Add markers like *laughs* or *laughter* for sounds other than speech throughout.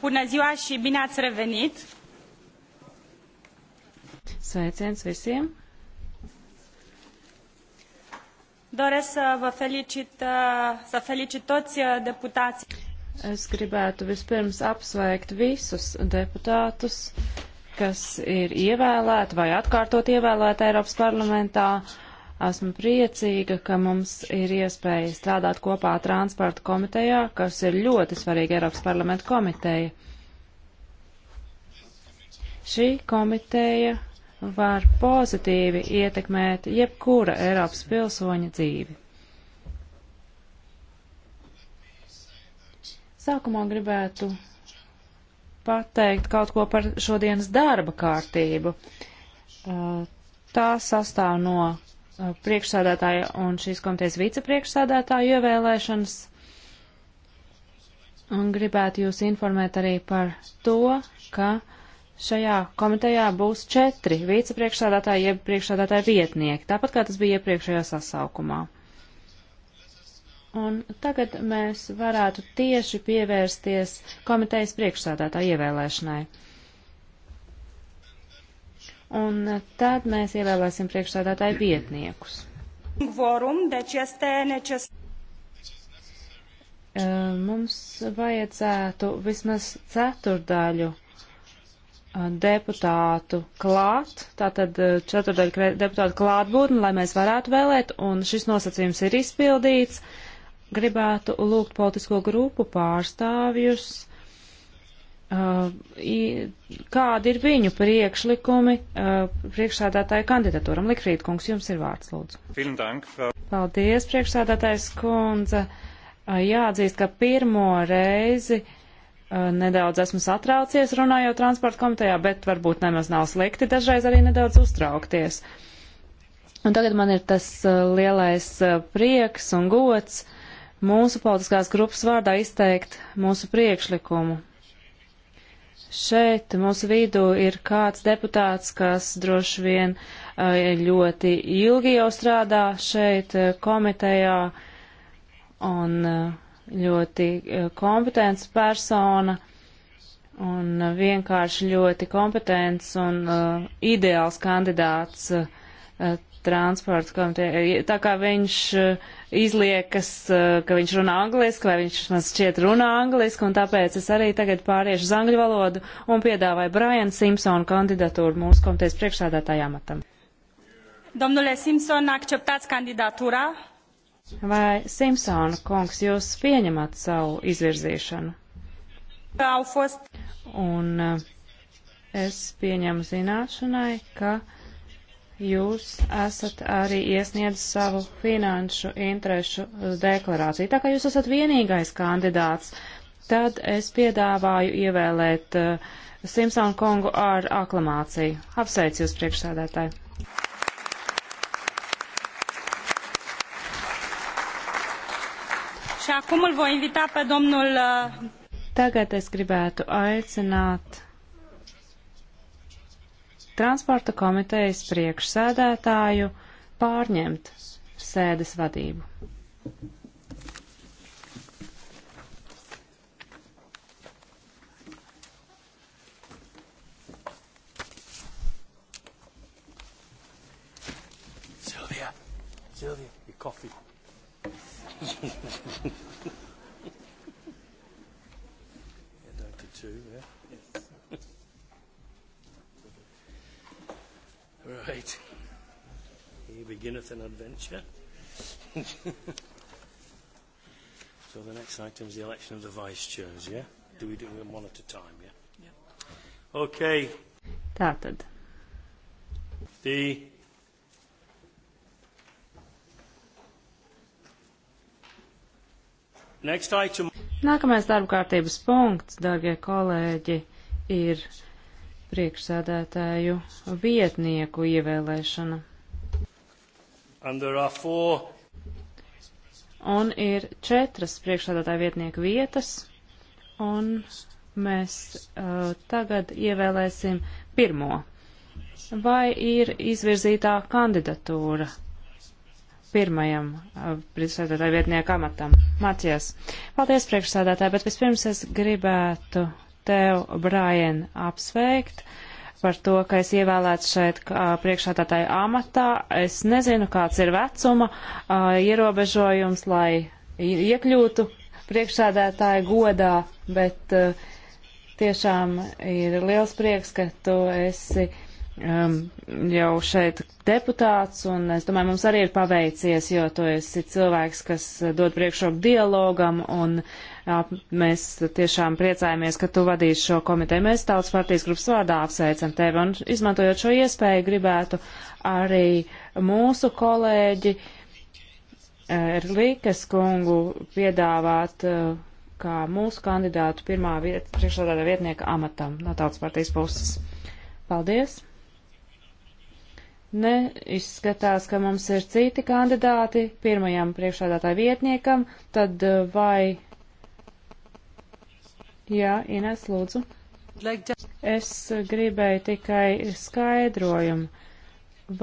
Bună ziua și bine ați revenit! Sveiciens visiem! Doresc să vă felicit, uh, să felicit toți uh, deputații. Es gribētu vispirms apsveikt visus deputātus, kas ir ievēlēti vai atkārtot ievēlēti Eiropas parlamentā Esmu priecīga, ka mums ir iespēja strādāt kopā transporta komitejā, kas ir ļoti svarīga Eiropas parlamenta komiteja. Šī komiteja var pozitīvi ietekmēt jebkura Eiropas pilsoņa dzīvi. Sākumā gribētu pateikt kaut ko par šodienas darba kārtību. Uh, tā sastāv no Uh, priekšsādātāja un šīs komitejas vicepriekšsādātāja ievēlēšanas. Un gribētu jūs informēt arī par to, ka šajā komitejā būs četri vicepriekšsādātāji, jeb priekšsādātāji vietnieki, tāpat kā tas bija iepriekšējā sasaukumā. Un tagad mēs varētu tieši pievērsties komitejas priekšsādātāja ievēlēšanai un tad mēs ievēlēsim priekšsādātāju vietniekus. Mums vajadzētu vismaz ceturdaļu deputātu klāt, tātad ceturdaļu deputātu klātbūtni, lai mēs varētu vēlēt, un šis nosacījums ir izpildīts. Gribētu lūgt politisko grupu pārstāvjus Uh, kādi ir viņu priekšlikumi uh, priekšsādātāju kandidatūram? Likrīt kungs, jums ir vārds, lūdzu. Paldies, priekšsādātājs kundze. Uh, jāatzīst, ka pirmo reizi nedaudz esmu satraucies runājot transporta komitejā, bet varbūt nemaz nav slikti dažreiz arī nedaudz uztraukties. Un tagad man ir tas lielais prieks un gods mūsu politiskās grupas vārdā izteikt mūsu priekšlikumu Šeit mūsu vidū ir kāds deputāts, kas droši vien eh, ļoti ilgi jau strādā šeit eh, komitejā un eh, ļoti kompetents persona un vienkārši ļoti kompetents un ideāls kandidāts transporta komiteja, tā kā viņš eh, izliekas, eh, ka viņš runā angliski, vai viņš man šķiet runā angliski, un tāpēc es arī tagad pāriešu uz angļu valodu un piedāvāju Brian Simpsonu kandidatūru mūsu komitejas priekšsādātājā matam. Domnule Simpson, akceptați candidatura? Vai Simpsona kungs jūs pieņemat savu izvirzīšanu? Un eh, es pieņemu zināšanai, ka jūs esat arī iesniedz savu finanšu interešu deklarāciju. Tā kā jūs esat vienīgais kandidāts, tad es piedāvāju ievēlēt uh, eh, Simpsonu kungu ar aklamāciju. Apsveicu jūs priekšsēdētāji! Eh, Tagad es gribētu aicināt transporta komitejas priekšsēdētāju pārņemt sēdes vadību. Silvija, Silvija, coffee. *laughs* beginneth an adventure. *laughs* so the next item is the election of the vice chairs, yeah? Do we do them one at a time, yeah? Yeah. Okay. Tātad. The Next item. Nākamais darba kārtības punkts, dārgie kolēģi, ir priekšsēdētāju vietnieku ievēlēšana. Un ir četras priekšsādātāja vietnieku vietas, un mēs uh, tagad ievēlēsim pirmo. Vai ir izvirzītā kandidatūra pirmajam uh, priekšsādātāja vietnieku amatam? Mācies. Paldies, priekšsādātāja, bet vispirms es gribētu tev, Brian, apsveikt. Uh, par to, ka es ievēlēts šeit priekšādātāju amatā. Es nezinu, kāds ir vecuma ierobežojums, lai iekļūtu priekšādātāju godā, bet tiešām ir liels prieks, ka tu esi um, jau šeit deputāts, un es domāju, mums arī ir paveicies, jo tu esi cilvēks, kas dod priekšroku dialogam un Mēs tiešām priecājamies, ka tu vadīsi šo komiteju. Mēs tautas partijas grupas vārdā apsveicam tevi un izmantojot šo iespēju gribētu arī mūsu kolēģi eh, Erlīkes kungu piedāvāt eh, kā mūsu kandidātu pirmā viet, priekšsādātā vietnieka amatam no tautas partijas puses. Paldies! Ne, izskatās, ka mums ir citi kandidāti pirmajam priekšādātāja vietniekam, tad eh, vai Jā, Ines, lūdzu. Es gribēju tikai skaidrojumu.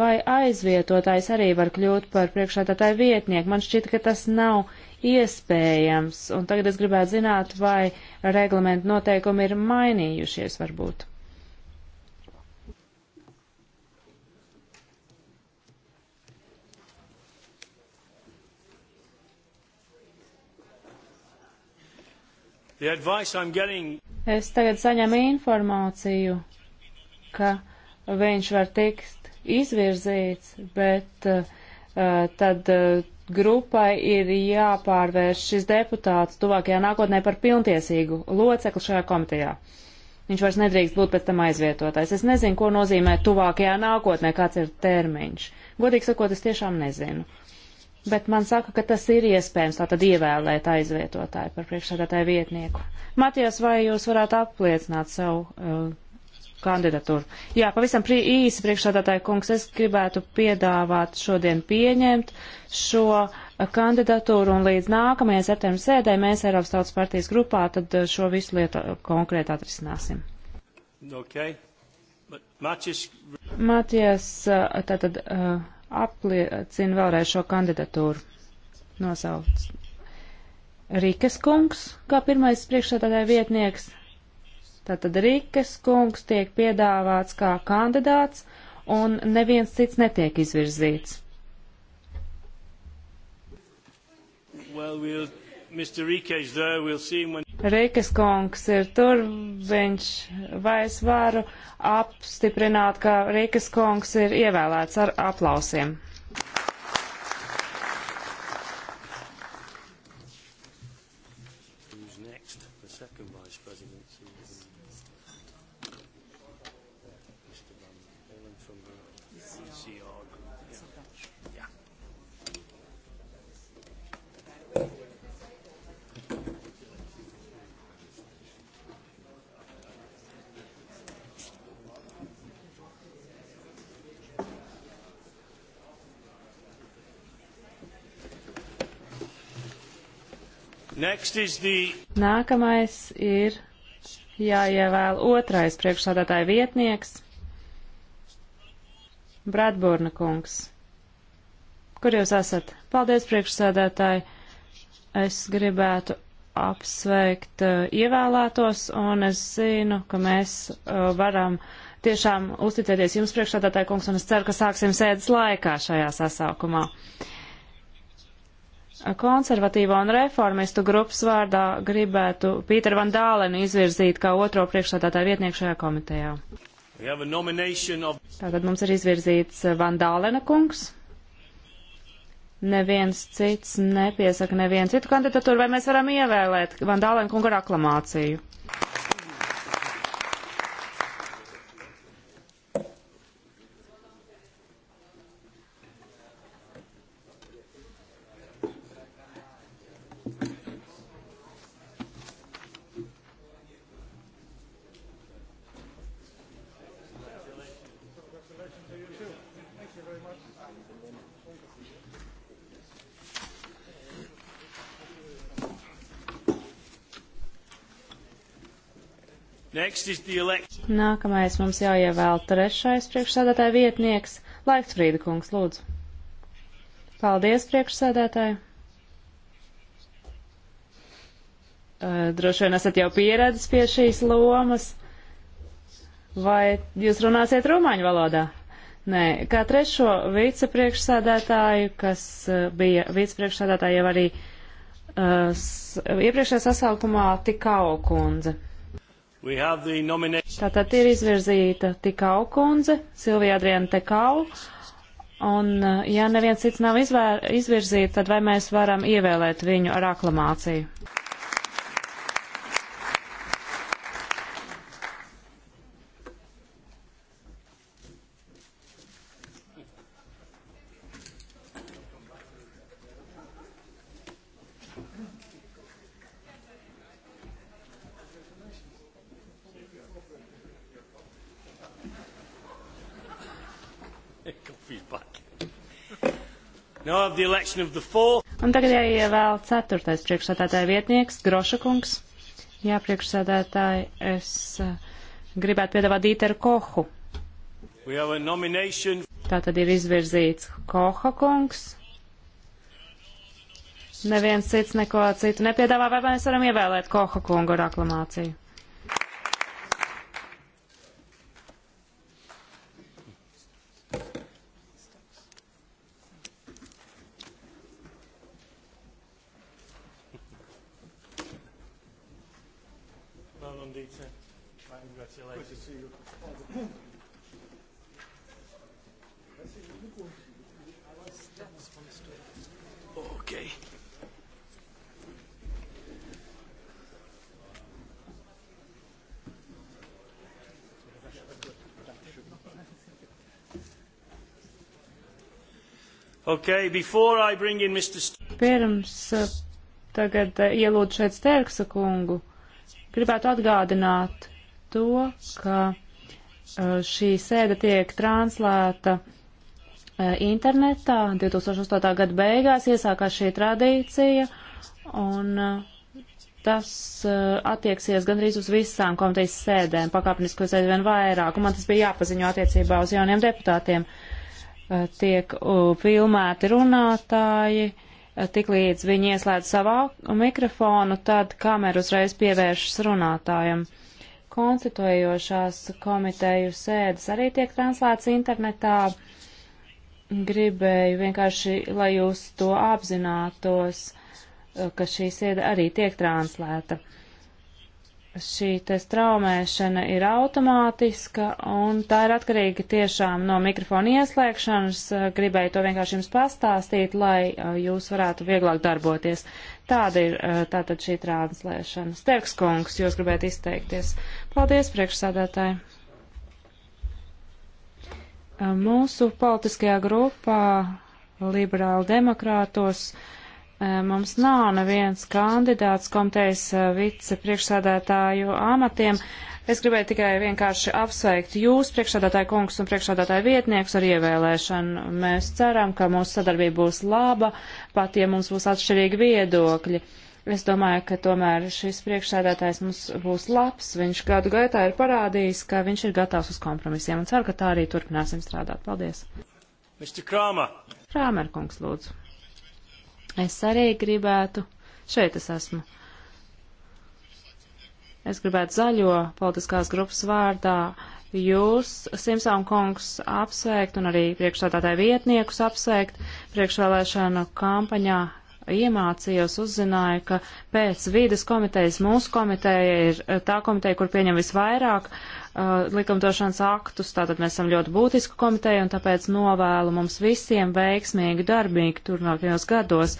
Vai aizvietotājs arī var kļūt par priekšādātāju vietnieku? Man šķita, ka tas nav iespējams. Un tagad es gribētu zināt, vai reglamentu noteikumi ir mainījušies varbūt. Getting... Es tagad saņemu informāciju, ka viņš var tikt izvirzīts, bet uh, uh, tad uh, grupai ir jāpārvērš šis deputāts tuvākajā nākotnē par pilntiesīgu locekli šajā komitejā. Viņš vairs nedrīkst būt pēc tam aizvietotais. Es nezinu, ko nozīmē tuvākajā nākotnē, kāds ir termiņš. Godīgi sakot, es tiešām nezinu bet man saka, ka tas ir iespējams tātad ievēlēt aizvietotāju par priekšsēdētāju vietnieku. Matijas, vai jūs varētu apliecināt savu uh, kandidatūru? Jā, pavisam pri īsi priekšsēdētāju kungs, es gribētu piedāvāt šodien pieņemt šo uh, kandidatūru un līdz nākamajai septembra sēdē mēs Eiropas Tautas partijas grupā tad uh, šo visu lietu uh, konkrēti atrisināsim. Okay. Matijas, tātad. Uh, apliecina vēlreiz šo kandidatūru. Nosauc Rīkes kungs kā pirmais priekšsēdētāja vietnieks. Tātad Rīkes kungs tiek piedāvāts kā kandidāts un neviens cits netiek izvirzīts. Well, we'll, Mr. Rikes there, we'll see him when Rīkas kungs ir tur, viņš vai es varu apstiprināt, ka Rīkas kungs ir ievēlēts ar aplausiem. CR The... Nākamais ir jāievēl otrais priekšsādātāja vietnieks - Bradburna kungs. Kur jūs esat? Paldies, priekšsādātāji! Es gribētu apsveikt uh, ievēlētos, un es zinu, ka mēs uh, varam tiešām uzticēties jums priekšsādātāja kungs, un es ceru, ka sāksim sēdes laikā šajā sasaukumā. Uh, konservatīvo un reformistu grupas vārdā gribētu Pīteru Van Dālenu izvirzīt kā otro priekšsādātāju vietnieku šajā komitejā. Of... Tātad mums ir izvirzīts Van Dālena kungs. Neviens cits nepiesaka nevienu citu kandidatūru, vai mēs varam ievēlēt Van Dālena kungu ar aklamāciju. Nākamais mums jāievēl trešais priekšsēdētāja vietnieks. Laiks Frīda kungs, lūdzu. Paldies, priekšsēdētāji. Droši vien esat jau pieredzis pie šīs lomas. Vai jūs runāsiet rumāņu valodā? Nē, kā trešo vicepriekšsēdētāju, kas bija vicepriekšsēdētāja jau arī uh, iepriekšējā sasaukumā, Tikau kundze. Tātad ir izvirzīta Tikau kundze, Silvija Adriana Tekau, un eh, ja neviens cits nav izvēr, izvirzīta, tad vai mēs varam ievēlēt viņu ar aklamāciju? Un tagad jāievēl ceturtais priekšsādātāja vietnieks, Grošakungs. Jā, priekšsādātāji, es eh, gribētu piedāvāt Dīteru Kohu. Tā tad ir izvirzīts Koha kungs. Neviens cits neko citu nepiedāvā, vai mēs varam ievēlēt Koha kungu ar aklamāciju? Okay, before I bring in Mr. St Pirms uh, tagad uh, ielūdzu šeit Stērksa kungu, gribētu atgādināt to, ka uh, šī sēde tiek translēta internetā. 2008. gada beigās iesākās šī tradīcija, un tas attieksies gandrīz uz visām komitejas sēdēm, pakāpeniski uz aizvien vairāk, un man tas bija jāpaziņo attiecībā uz jauniem deputātiem. Uh, Eh, tiek filmēti runātāji, eh, tik līdz viņi ieslēdz savā mikrofonu, tad kamera uzreiz pievēršas runātājam. Konstituējošās komiteju sēdes arī tiek translētas internetā. Gribēju vienkārši, lai jūs to apzinātos, eh, ka šī sēde arī tiek translēta šī te straumēšana ir automātiska un tā ir atkarīga tiešām no mikrofona ieslēgšanas. Gribēju to vienkārši jums pastāstīt, lai uh, jūs varētu vieglāk darboties. Tāda ir uh, tātad šī translēšana. Sterks kungs, jūs gribētu izteikties. Paldies, priekšsādātāji. Uh, mūsu politiskajā grupā liberāli demokrātos uh, mums nav neviens kandidāts komitejas vicepriekšsādātāju amatiem. Es gribēju tikai vienkārši apsveikt jūs, priekšsādātāju kungs un priekšsādātāju vietnieks, ar ievēlēšanu. Mēs ceram, ka mūsu sadarbība būs laba, pat ja mums būs atšķirīgi viedokļi. Es domāju, ka tomēr šis priekšsēdētājs mums būs labs. Viņš gadu gaitā ir parādījis, ka viņš ir gatavs uz kompromisiem un ceru, ka tā arī turpināsim strādāt. Paldies! Krāmer kungs, lūdzu. Es arī gribētu, šeit es esmu, es gribētu zaļo politiskās grupas vārdā jūs, Simsām kungs, apsveikt un arī priekšstādātāju vietniekus apsveikt priekšvēlēšanu kampaņā iemācījos, uzzināju, ka pēc vīdes komitejas mūsu komiteja ir eh, tā komiteja, kur pieņem visvairāk uh, likumdošanas aktus, tātad mēs esam ļoti būtiska komiteja un tāpēc novēlu mums visiem veiksmīgi darbīgi turpmākajos gados,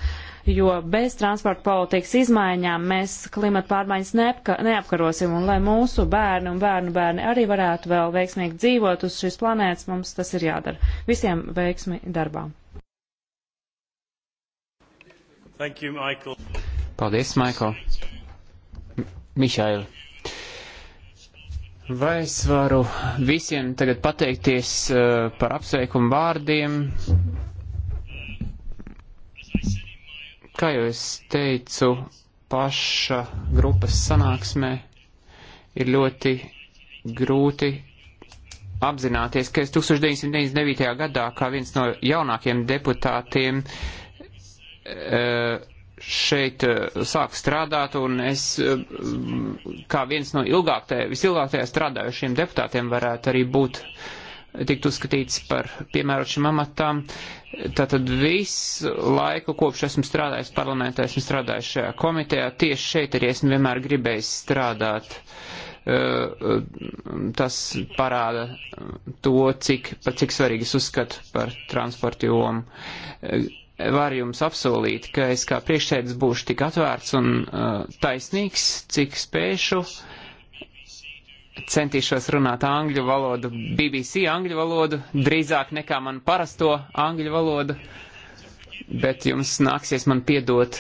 jo bez transporta politikas izmaiņām mēs klimata pārmaiņas neapka, neapkarosim un lai mūsu bērni un bērnu bērni arī varētu vēl veiksmīgi dzīvot uz šīs planētas, mums tas ir jādara. Visiem veiksmi darbām! Thank you, Michael. Paldies, Michael. Mihail. Vai es varu visiem tagad pateikties uh, par apsveikumu vārdiem? Kā jau es teicu, paša grupas sanāksmē ir ļoti grūti apzināties, ka es 1999. gadā kā viens no jaunākiem deputātiem uh, E, šeit e, sāk strādāt, un es e, kā viens no ilgāktajā, visilgāktajā strādājušiem deputātiem varētu arī būt tikt uzskatīts par piemērošiem amatām. Tātad visu laiku, kopš esmu strādājis parlamentā, esmu strādājis šajā komitejā, tieši šeit arī esmu vienmēr gribējis strādāt. Tas parāda to, cik, par cik svarīgi es uzskatu par transportu jomu varu jums apsolīt, ka es kā priekšsēdis būšu tik atvērts un uh, taisnīgs, cik spēšu. Centīšos runāt angļu valodu, BBC angļu valodu, drīzāk nekā man parasto angļu valodu, bet jums nāksies man piedot,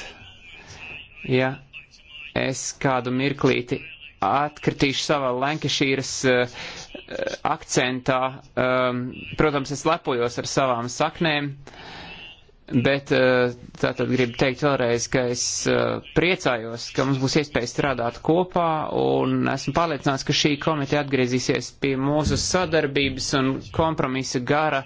ja es kādu mirklīti atkritīšu savā Lankešīras uh, akcentā. Um, protams, es lepojos ar savām saknēm. Uh, Bet eh, tātad gribu teikt vēlreiz, ka es eh, priecājos, ka mums būs iespēja strādāt kopā un esmu pārliecināts, ka šī komiteja atgriezīsies pie mūsu sadarbības un kompromisa gara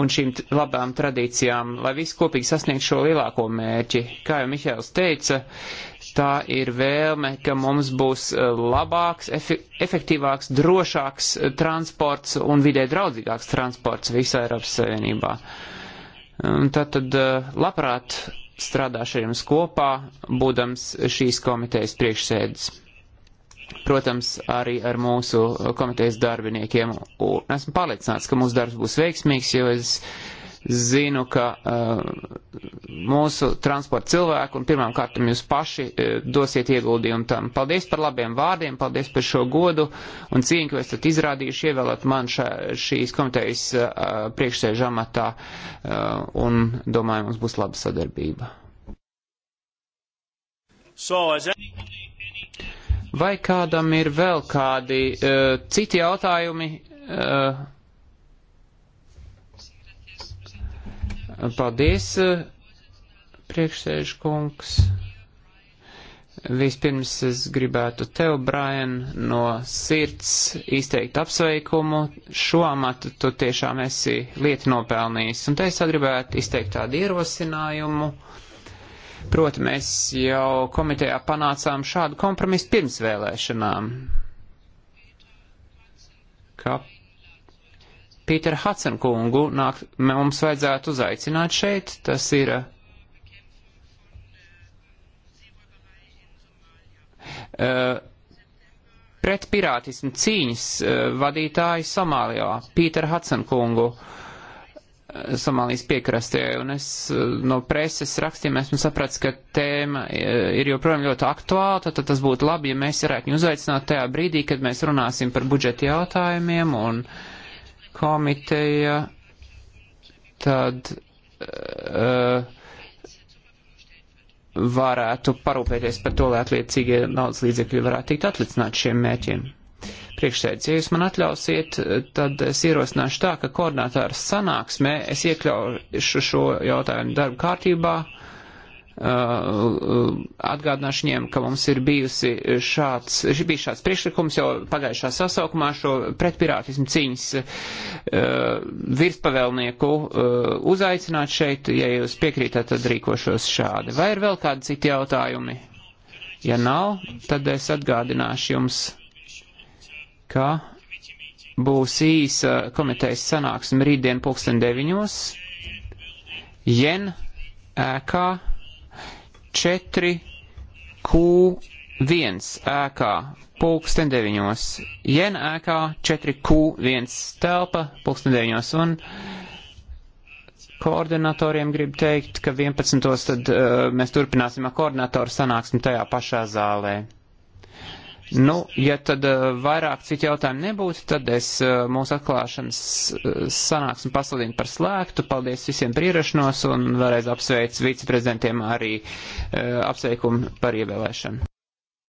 un šīm labām tradīcijām, lai visi kopīgi sasniegtu šo lielāko mērķi. Kā jau Mihails teica, tā ir vēlme, ka mums būs eh, labāks, efektīvāks, drošāks transports un vidē draudzīgāks transports visā Eiropas Savienībā. Uh, Tātad eh, labprāt strādāšu ar jums kopā, būdams šīs komitejas priekšsēdis. Protams, arī ar mūsu komitejas darbiniekiem. Un esmu pārliecināts, ka mūsu darbs būs veiksmīgs, jo es uh, Zinu, ka uh, mūsu transporta cilvēku un pirmām kārtām jūs paši uh, dosiet ieguldījumu tam. Paldies par labiem vārdiem, paldies par šo godu un cīņu, ko esat izrādījuši, ievēlēt man šā, šīs komitejas uh, priekšsēžu amatā uh, un domāju, mums būs laba sadarbība. So, Vai kādam ir vēl kādi uh, citi jautājumi? Uh, Paldies, priekšsēžkungs. Vispirms es gribētu tev, Brian, no sirds izteikt apsveikumu. Šo amatu tu tiešām esi lieti nopelnījis. Un te es gribētu izteikt tādu ierosinājumu. Proti, mēs jau komitejā panācām šādu kompromisu pirms vēlēšanām. Ka Pīteru Hacenkungu nāk, mums vajadzētu uzaicināt šeit. Tas ir uh, pret pirātismu cīņas uh, vadītāju Somālijā, Pīteru Hacenkungu. Somālijas piekrastē, un es no preses rakstiem esmu sapratis, ka tēma ir joprojām ļoti aktuāla, tad tas būtu labi, ja mēs varētu viņu uzaicināt tajā brīdī, kad mēs runāsim par budžeta jautājumiem un uh, komiteja, tad uh, varētu parūpēties par to, lai atliecīgie naudas līdzekļi varētu tikt atlicināti šiem mēķiem. Priekšsēdz, ja jūs man atļausiet, tad es ierosināšu tā, ka koordinātāra sanāksmē es iekļaušu šo jautājumu darba kārtībā. Uh, Uh, atgādināšu viņiem, ka mums ir bijusi šāds, bija šāds priekšlikums jau pagājušā sasaukumā šo pretpirātismu cīņas uh, virspavēlnieku uh, uzaicināt šeit. Ja jūs piekrītat, tad rīkošos šādi. Vai ir vēl kādi citi jautājumi? Ja nav, tad es atgādināšu jums, ka būs īsa komitejas sanāksme rītdien pulksten deviņos. Jen ēkā. Uh, 4Q1 ēkā pulksten 9. Jen ēkā 4Q1 telpa pulksten 9. un koordinatoriem gribu teikt, ka 11. tad uh, mēs turpināsim ar koordinatoru sanāksmi tajā pašā zālē. Nu, ja tad eh, vairāk citu jautājumu nebūs, tad es eh, mūsu atklāšanas eh, sanāksmi pasludinu par slēgtu. Paldies visiem par ierašanos un vēlreiz apsveicu viceprezidentiem arī apsveikumu par ievēlēšanu.